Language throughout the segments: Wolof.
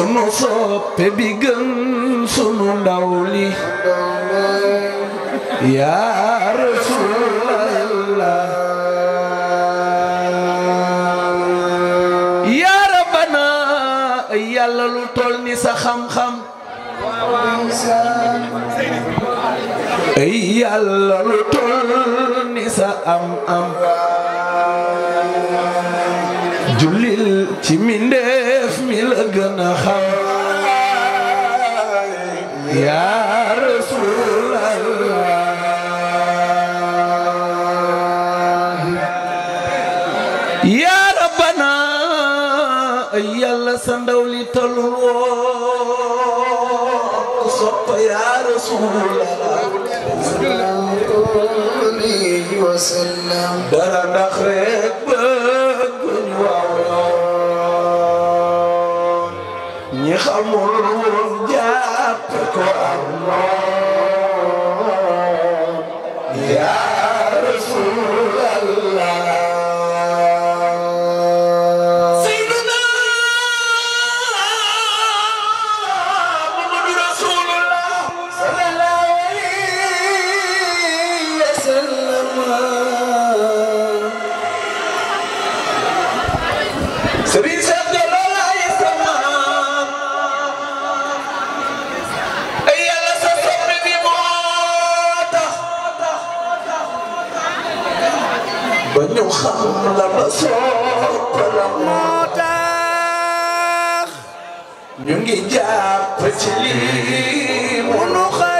sunu soppe bi gën sunu ndaw li rasulallah yaa rabbana yàlla lu toll ni sa xam-xam lu toll ni am-am jullil ci mindee gën rasulallah yaa rabbana yàlla sa ndaw li tollu woo sopp yaa rasulallah dara ndax rek xamul woon jàpp ko Allah bañu xam la ma soppalam moo tax ñu ngi jàpp ci lii mu nu xëy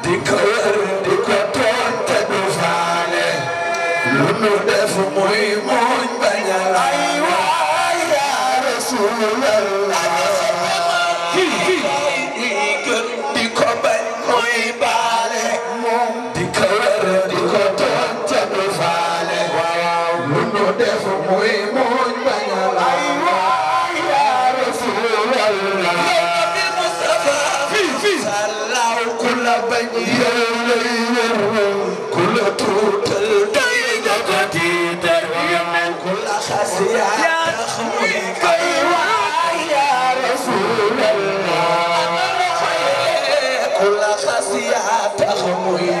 di wër di ko toog faale lu nu def muy mooñ bañal ay waay yaa rasulallah gën di ko bañ muy baale moom di wër di ko toog te du faale nu def muy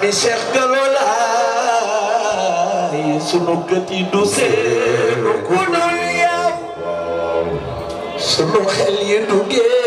bi Cheikh Gallo Laye sunu gët yi du seenu ku dul yow sunu xel yi du génn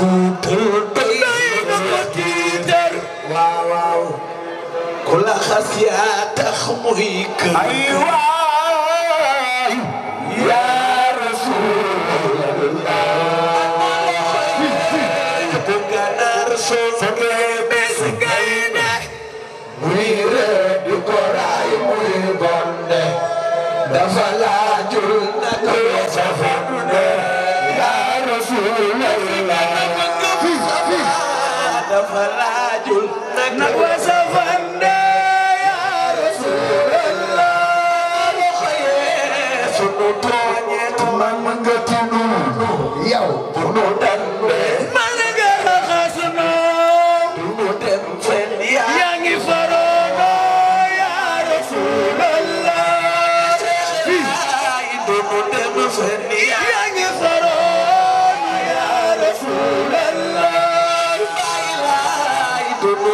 fuutal balay ku la xas yaa tax muy kër ay waaw dafa laajul nag wa safande ya rasulallah xëye sunu tooñet man nga tinu yow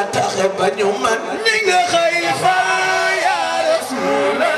ya tax ba ñu man ni nga xëy fa ya rasul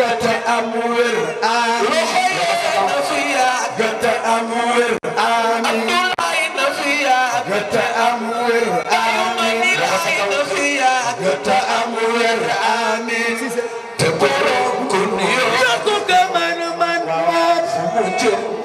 gëtë am wér amiin gëtë am wér amiin gëtë am wér amiin gëtë am wér amiin te borom kun yo ko man man ma fu jëm